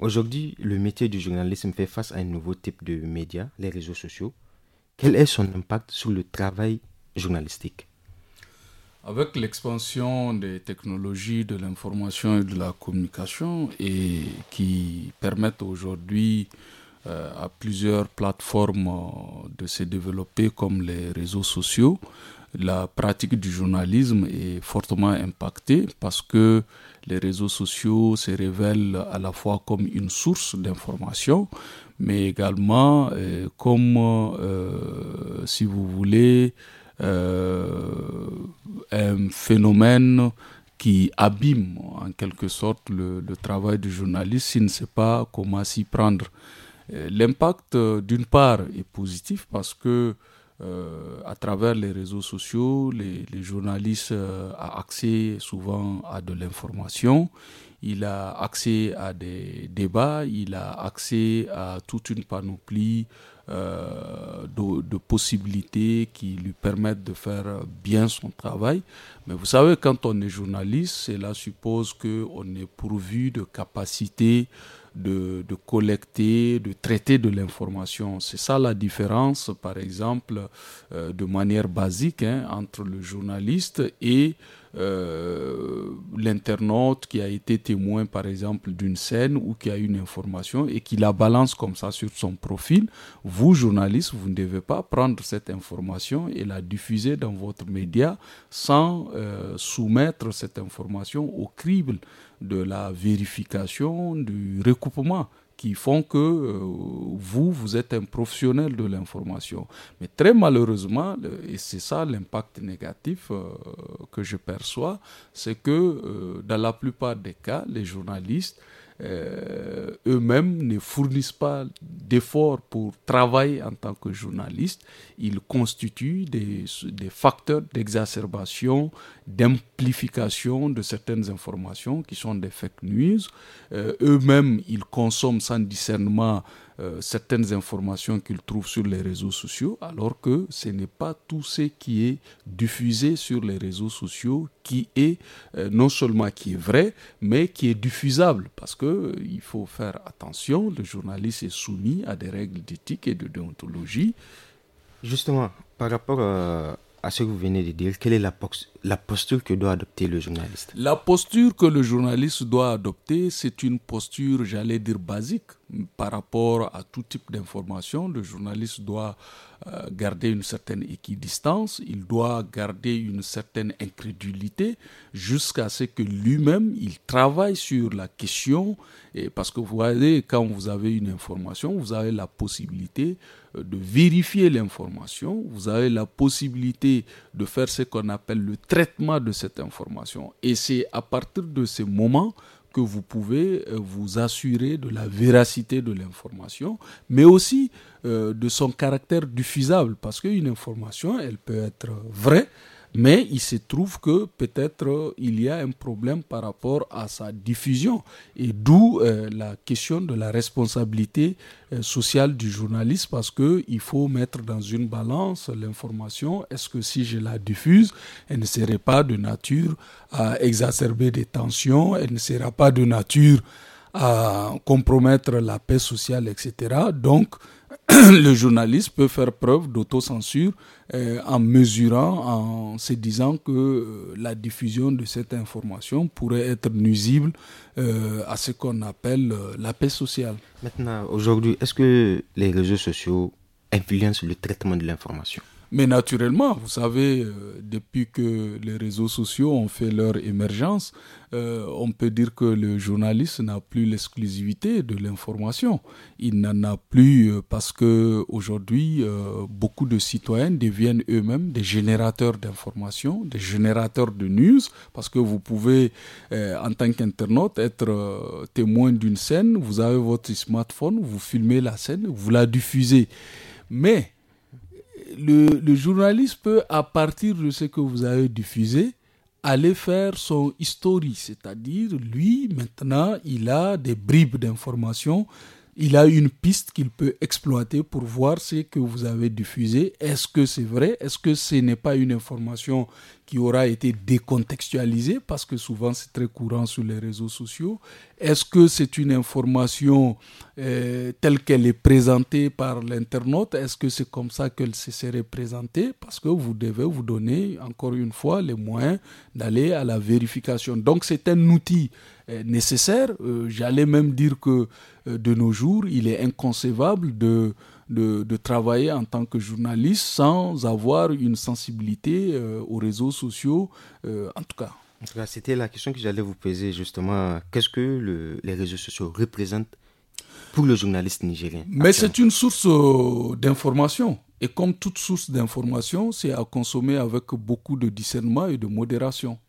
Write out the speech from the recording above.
Aujourd'hui, le métier du journalisme fait face à un nouveau type de médias, les réseaux sociaux. Quel est son impact sur le travail journalistique Avec l'expansion des technologies de l'information et de la communication, et qui permettent aujourd'hui euh, à plusieurs plateformes euh, de se développer comme les réseaux sociaux, la pratique du journalisme est fortement impactée parce que les réseaux sociaux se révèlent à la fois comme une source d'information, mais également euh, comme, euh, si vous voulez, euh, un phénomène qui abîme en quelque sorte le, le travail du journaliste s'il ne sait pas comment s'y prendre. L'impact, d'une part, est positif parce que euh, à travers les réseaux sociaux, les, les journalistes euh, a accès souvent à de l'information, il a accès à des débats, il a accès à toute une panoplie euh, de, de, possibilités qui lui permettent de faire bien son travail. Mais vous savez, quand on est journaliste, cela suppose qu'on est pourvu de capacités de, collecter, de traiter de l'information. C'est ça la différence, par exemple, euh, de manière basique, hein, entre le journaliste et euh, l'internaute qui a été témoin par exemple d'une scène ou qui a une information et qui la balance comme ça sur son profil, vous journalistes vous ne devez pas prendre cette information et la diffuser dans votre média sans euh, soumettre cette information au crible de la vérification, du recoupement qui font que euh, vous, vous êtes un professionnel de l'information. Mais très malheureusement, et c'est ça l'impact négatif euh, que je perçois, c'est que euh, dans la plupart des cas, les journalistes euh, eux-mêmes ne fournissent pas d'efforts pour travailler en tant que journaliste Ils constituent des, facteurs d'exacerbation, d'amplification de certaines informations qui sont des fake news. Euh, eux-mêmes, ils consomment sans discernement euh, certaines informations qu'il trouve sur les réseaux sociaux, alors que ce n'est pas tout ce qui est diffusé sur les réseaux sociaux qui est euh, non seulement qui est vrai, mais qui est diffusable, parce que euh, il faut faire attention. Le journaliste est soumis à des règles d'éthique et de déontologie. Justement, par rapport à ce que vous venez de dire, quelle est la, la, posture que doit adopter le journaliste La posture que le journaliste doit adopter, c'est une posture, j'allais dire, basique par rapport à tout type d'information, le journaliste doit euh, garder une certaine équidistance, il doit garder une certaine incrédulité jusqu'à ce que lui-même, il travaille sur la question, et parce que vous voyez, quand vous avez une information, vous avez la possibilité euh, de vérifier l'information, vous avez la possibilité de faire ce qu'on appelle le traitement de cette information. Et c'est à partir de ce moment que vous pouvez euh, vous assurer de la véracité de l'information, mais aussi euh, de son caractère diffusable, parce qu'une information, elle peut être vraie, mais il se trouve que peut-être euh, il y a un problème par rapport à sa diffusion. Et d'où euh, la question de la responsabilité euh, sociale du journaliste, parce qu'il faut mettre dans une balance l'information. Est-ce que si je la diffuse, elle ne serait pas de nature à exacerber des tensions, elle ne sera pas de nature à compromettre la paix sociale, etc. Donc, le journaliste peut faire preuve d'autocensure euh, en mesurant, en se disant que euh, la diffusion de cette information pourrait être nuisible euh, à ce qu'on appelle la paix sociale. Maintenant, aujourd'hui, est-ce que les réseaux sociaux influencent le traitement de l'information mais naturellement, vous savez, euh, depuis que les réseaux sociaux ont fait leur émergence, euh, on peut dire que le journaliste n'a plus l'exclusivité de l'information. Il n'en a plus euh, parce que aujourd'hui, beaucoup de citoyens deviennent eux-mêmes des générateurs d'informations, des générateurs de news, parce que vous pouvez, en tant qu'internaute, être témoin d'une scène. Vous avez votre smartphone, vous filmez la scène, vous la diffusez. Mais le, journaliste peut, à partir de ce que vous avez diffusé, aller faire son historique, c'est-à-dire lui, maintenant, il a des bribes d'informations, il a une piste qu'il peut exploiter pour voir ce que vous avez diffusé. Est-ce que c'est vrai Est-ce que ce n'est pas une information qui aura été décontextualisé parce que souvent c'est très courant sur les réseaux sociaux Est-ce que c'est une information euh, telle qu'elle est présentée par l'internaute Est-ce que c'est comme ça qu'elle se serait présentée Parce que vous devez vous donner encore une fois les moyens d'aller à la vérification. Donc c'est un outil euh, nécessaire. Euh, j'allais même dire que de nos jours, il est inconcevable de de, travailler en tant que journaliste sans avoir une sensibilité euh, aux réseaux sociaux, euh, en tout cas. c'était la question que j'allais vous poser justement. Qu'est-ce que les réseaux sociaux représentent pour le journaliste nigérien Mais c'est une source euh, d'information. Et comme toute source d'information, c'est à consommer avec beaucoup de discernement et de modération.